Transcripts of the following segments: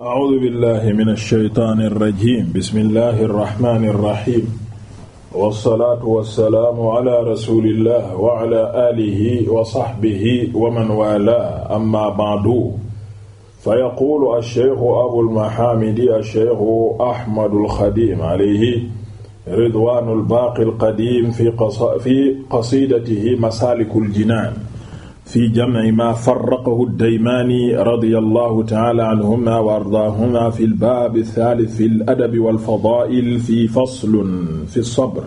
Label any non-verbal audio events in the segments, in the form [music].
a'uudu billahi mina shaytaani rajiim bismillahi rahmaani rahiim. wasalaatu wasalaamu ala rasulillah wa ala alihi wa sahbihi wa man waalaahu amma ba'du. fa yaquulu ash-shaykhu abul mahaamidi ash-shaykhu ahmadul xadiim alayhi ridwaanul baaqil qadiim fi qasaa'idatihi masaalikul jinaan. fi jam'i ma farraqahu ad-Daymaani radiyallahu ta'ala anhuma wa ardaahuma fi al-baab ath-thaalith fi al-adab wal-fadaa'il fi faslun fi as-sabr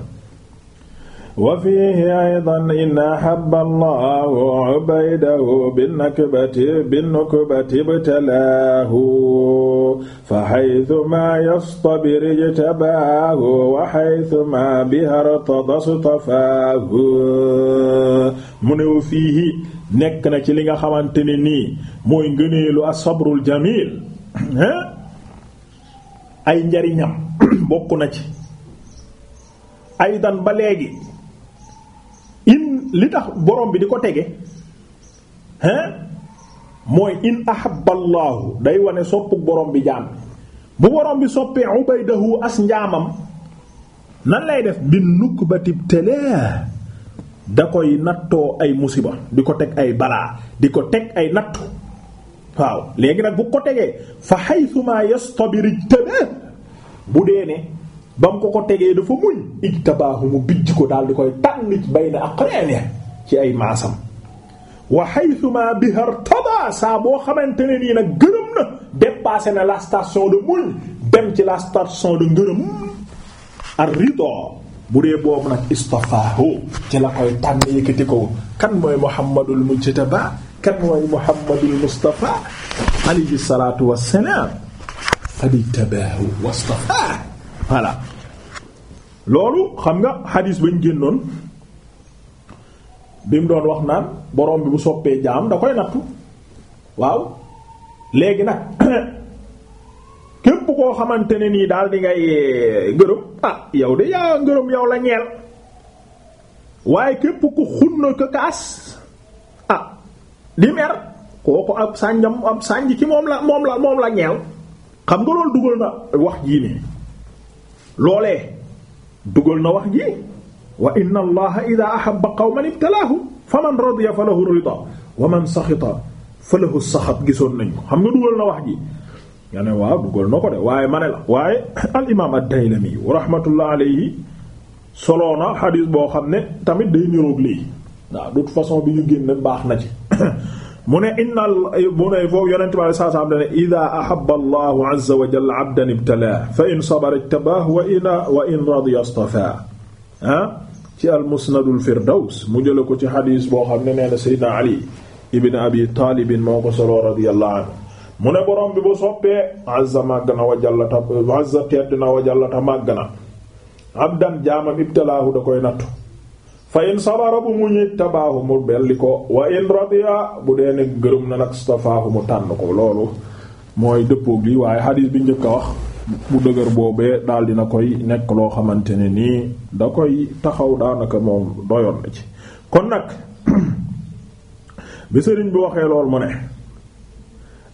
wa fiihi aydan in ahabba allahu ubaydahu binnukbati binnukbati ibtalaahu fa haythuma yastabir ijtabaahu wa haythuma biha irtadas tafaahu mu ne wa fiihi nekk na ci li nga xamante ne nii mooy ngëneelu as-sabrul jamiil ay njariñam [coughs] bokk na ci aydan ba léegi li tax borom bi di ko tege hein mooy in ahaballahu day wane soppu borom bi jaam bu borom bi soppee ubaydahu as njaamam nan lay def bi nukbati tele da koy nattoo ay musiba di ko teg ay balaa di ko teg ay nattu waaw léegi nag bu ko tegee fa haythuma yastabir bu dee ne ba mu ko ko tegee dafa muñ ijtabaahu mu bijj ko daal di koy tànn bayna aqrani ci ay maasam wa haythuma biha irtada boo xamante ne nii nag gërëm na dépassé na la station de muñ dem ci la station de ngërëm ar-ridha bu dee boobu nag istafaahu ci la koy tànn yëkkati ko kan mooy muhammadul mujtaba kan mooy muhammadul mustafa alayhi salatu wassalam qad tabaahu wastafaahu voilà loolu xam nga xadiis bañ génnoon bi mu doon wax naan borom bi bu soppee jaam da koy nattu waaw léegi nag [coughs] képp koo xamante ne nii daal di ngay eh, ngërëm ah yow de yaa ngërëm yow la ñeel waaye képp ku xunna ko kaas ah di mer kooku ab sànjam ab sànj ci moom la moom la moom la ñeel xam nga loolu dugal na wax jii nii loolee dugal na wax ji wa inna allaha ida ahabba qawman ibtalaahum am man radiya fa lahu rida wa man saxita fa lahu saxat gisoon nañ ko xam nga dugal na wax ji ne waaw dugal na ko waaye ma ne la waaye al imaam ad-Daylami rahmatullah alayhi soloo na xadiis boo xam ne tamit day niroog lii waaw de façon bi ñu génn baax na ci [coughs] mu ne innal mu ne foofu yonente bi alei sat selaam dane ida ahaba allahu azza wa jalla abdan ibtalaa fa in sabara ijtabaahu wa ina wa in radiya istafaa ah ci mu ko ne nee na bu soppee azza màgg na wa jalla ta jaamam ibtalaahu da koy nattu fa in sabara bu mu ñit tabaahu mu belli ko wa in radiya bu dee ne gërëm na nag stafaahu mu tànn ko loolu mooy dëppoog li waaye xadiis bi njëkk a wax bu dëgër boobee daal na koy nekk loo xamante ne nii da koy taxaw daanaka moom doyoon na ci kon nag [clears throat] bi sëriñ bi waxee lool mu ne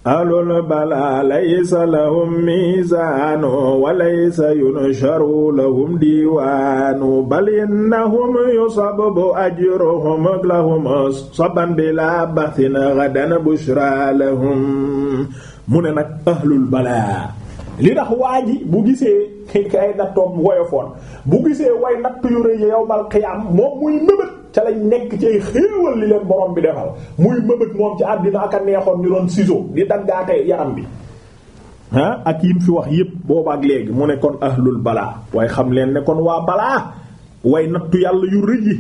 alul bala laysa lahum miizaanu wa laysa yunsharu lahum diiwaanu bal innahum yusabu ajruhum lahum saban bilaa baxsin gadan bushraa lahum mu ne nag ahlul balaa li tax waa bu gisee kay ay nattoom woyofoon bu gisee way natt yu rëy yawmal qiyaam moom muy nëbët ca lañ nekk ci ay xéewal li leen borom bi defal muy mëbët moom ci àddina ak a neexoon ñu doon ciseau di daggaate yaram bi ah ak yim fi wax yépp booba ak léegi mu ne kon ahlul balaa waaye xam leen ne kon waa balaa way nattu yàlla yu rëy yi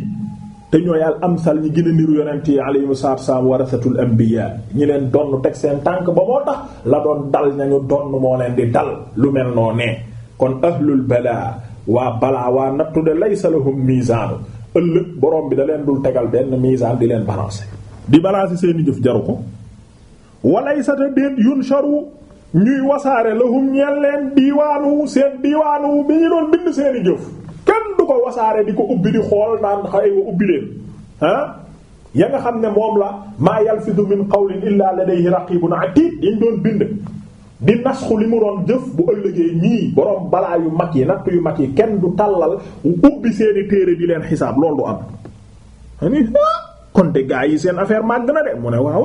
te ñooy al amsal ñi gën a niru yonent yi alayhimu salaam warasatul anbiya ñi leen donn teg seen tànk ba moo tax la doon dal nañu donn moo leen di dal lu mel noo ne kon ahlul balaa waa balaa waa nattu de laysa lahum mizaanu ëllëg borom bi da leen dul tegal benn misaan di leen balancer di balancer seeni jëf jaru ko walay sa te déet yun charu ñuy wasaare lahum ñeel leen diiwaanu seen diiwaanu bi ñu doon bind seeni jëf kenn du ko wasaare di ko ubbi di xool naan xëy wa ubbi leen ah ya nga xam ne moom la maa yalfidu min qawlin illa ladayhi raqibun atid dañ doon bind di nasxu li mu doon jëf bu ëllëgee ñii borom balaa yu mag yi natt yu mag yi kenn du tàllal ubbi seeni téere di leen xisaab loolu du am kon de yi seen affaire màgg na de mu ne waaw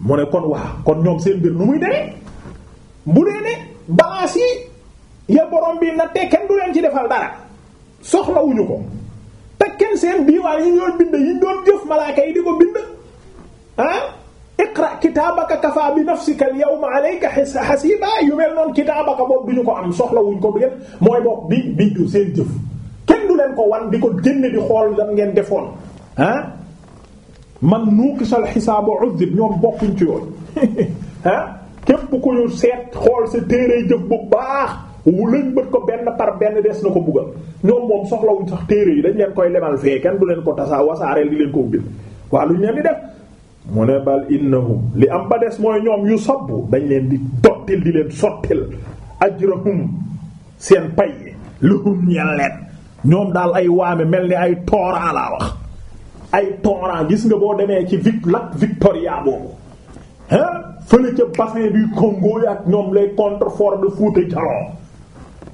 mu ne kon waaw kon ñoom seen mbir nu muy demee bu dee ne balance yi ya borom bi nattee kenn du leen ci defal dara soxlawuñu ko te kenn seen diiwaan yi ñu bind yi ñu doon jëf malaaka yi di ko bind ah iqra kitaabaka kafaa bi nafsika al yawma alayka hasiba yu mel noonu kitaabaka boobu du ñu ko am soxla wuñ ko yépp mooy bopp bi bi du seen jëf kenn leen ko wan di ko génne di xool lan ngeen defoon ah man nuuqisal xisaaba udib ñoom bokkuñ ci yoon [laughs] ah képp ku ñu seet xool sa téere jëf bu baax wu lañ bët ko benn par benn des na ko buggal ñoom moom soxlawuñ sax téere yi dañ leen koy lemal fee kenn du leen ko tasaa wasaareel di leen ko ubbil waa lu ñu leen di def mu ne bal innahum li am ba des mooy ñoom yu sabbu dañ leen di dottil di leen sottil ajrahum seen pay lahum ñeel leen ñoom daal ay waame mel ni ay tooraa laa wax ay tooraa gis nga boo demee ci vic lac Victoria boobu hein fële ca bassin du Congo ak ñoom les contreforts de Fouta Djallon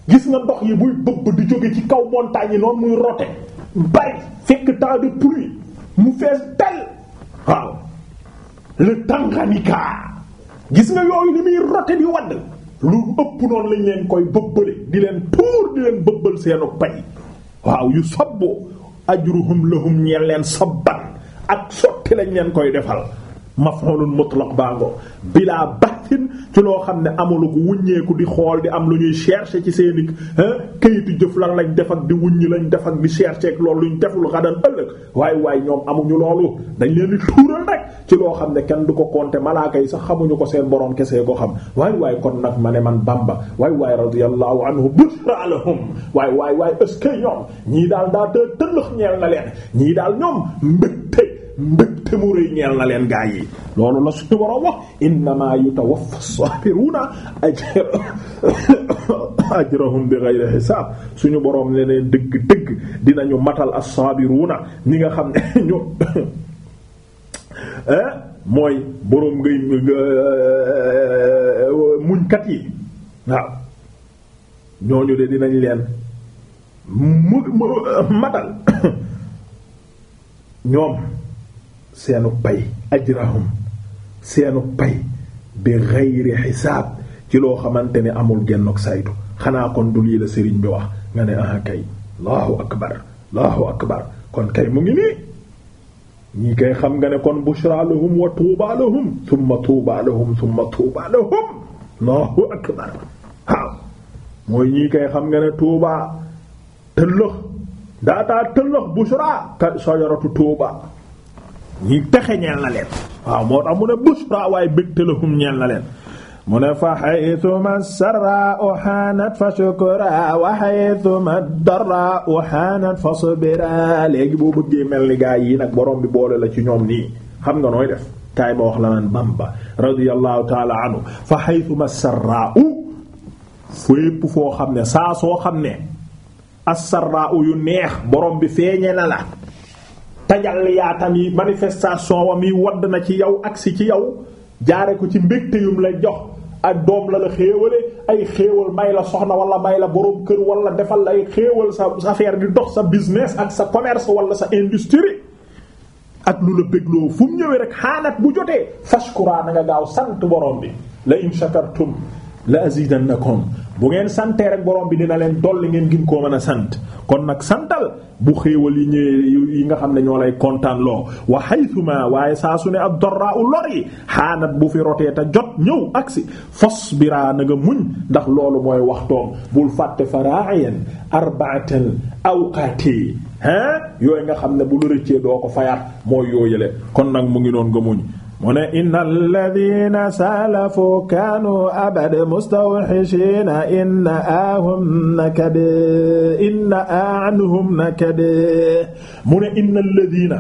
gis nga ndox yi buy bëbb di jóge ci kaw montagne yi noonu muy rote bay fekk temps de pluie mu fees del waaw le Tanganyika gis nga yooyu li muy rote di wadd lu ëpp noonu lañ leen koy bëbbale di leen tuur di leen bëbbal seenu pay waaw yu sabbu ajruhum lahum ñeel leen sabban ak sotti lañ leen koy defal maf'ulun mutlaq bango bilaa baxtin ci loo xam ne amulu ko wuññeeku di xool di am lu ñuy chercher ci seeni këyitu jëf lan lañ def ak di wuññi lañ def ak di chercher ak loolu luñ deful xadan ëllëg waaye waaye ñoom amuñu loolu dañ leen di tuural rek ci loo xam ne kenn du ko compter malaaka yi sax xamuñu ko seen boroom kese ko xam waay waaye kon nag ma ne man Bamba waay waay radiyallahu anhu bushra lahum waaye waay waay est-ce que ñoom ñii daal daa tëllëx ñ na leen ñii daal ñoom mbëgte mu rëy ñeel na leen gaa yi loolu la suñu borom wax innama yutawaffa sabiruna ajrahum bighayri hisaab suñu boroom ne leen dëgg dëgg dinañu matal as-sabiruna ñi nga xam ne [laughs] ñu eh, mooy boroom ngay eh, muñkat yi waaw ñooñu de dinañ leen mu matal [coughs] ñoom seenu pay ajrahum seenu pay bi xayri xisaab ci loo xamante ni amul gennook saytu xanaa kon du lii la sëriñ bi wax nga ne ah kay allahu akbar allahu akbar kon kay mu ngi nii ñii kay xam nga ne kon bushra lahum wa tuuba lahum thumma tuuba lahum thumma allahu akbar waaw mooy ñii kay xam nga ne tuuba tëllëx daataa tëllëx bushra ka sajaratu ñi texe ñeel na leen waaw moo tax mu ne bushra waaye bégte lahum ñeel na leen mu ne fa xaytuma sarra u xaanat fa shukra wa xaytuma darra u xaanat fa sabira léegi boo bëggee mel ni gaa yi nag borom bi boole la ci ñoom nii xam nga nooy def kaay ma wax la naan Bamba radiyallahu taala anhu fa xaytuma sarra u fépp foo xam ne saa soo xam ne as sarra u yu neex borom bi feeñe na la tajalliyaatam yi manifestation wam yi wadd na ci yow agsi ci yow jaare ko ci mbégte yum la jox ak doom la la xéewale ay xéewal may la soxna wala may la boroom kër wala defal la ay xéewal sa affaire di dox sa business ak sa commerce wala sa industrie ak lu la bégloo fu mu ñëwee rek xaanat bu jotee fashkura na nga gaaw sant borom bi la in shakartum la azidannakum bu ngeen santee rek borom bi dina leen dolli ngeen gin koo mën a sant kon nag santal bu xéewal yi ñëwee yi nga xam ne ñoo lay kontaan loo wa haythuma waaye saa su ne ab dorraa u lor yi xaanat bu fi rotee te jot ñëw agsi fos biraa na nga muñ ndax loolu mooy waxtoom bul fàtte faraayan arba'atal awqaati hein yooyu nga xam ne bu lu rëccee doo ko fayaat mooy yooyale kon nag mu ngi noon nga muñ mu ne inna alladina salafu kaanu abad mustawxishiina inna aahumna kade inna aanhumna kade mu ne inna alladina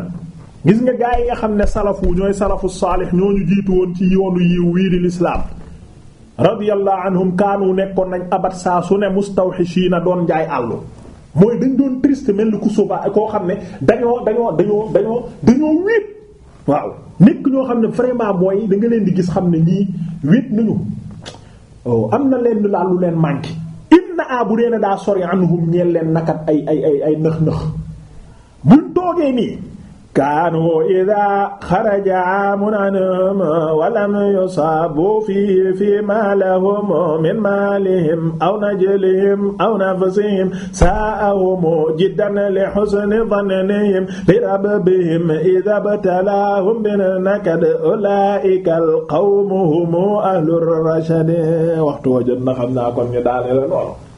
gis nga gaa yi nga xam ne salafu ñooy salafu saalix ñoo ñu jiitu woon ci yoonu yiw wii di lislaam radiyallahu anhum kaanu nekkoon nañ abad saa su ne mustawxishiina doon jaay àllu mooy dañ doon triste mel ni ku suba koo xam ne dañoo dañoo dañoo dañoo dañoo wéet waaw nekk ñoo xam ne vraiment booy da nga leen di gis xam ne ñii wét nañu oh, am na leen laal lu leen manqué na a bu dee daa sori anhum ñeel leen nakat ay ay ay ay nëx-nëx buñ toogee nii kaanu ida xaraja aamun anhum walam yusaabu fii fii ma lahum min maalihim aw najlihim aw nafsihim saa'ahum jiddan li husni dannihim bi rabbihim ida btalaahum bin nakad ulaa'ika alqawmu hum ahlu rashad waxtu wa jot na xam naa kon ñu daane la noonu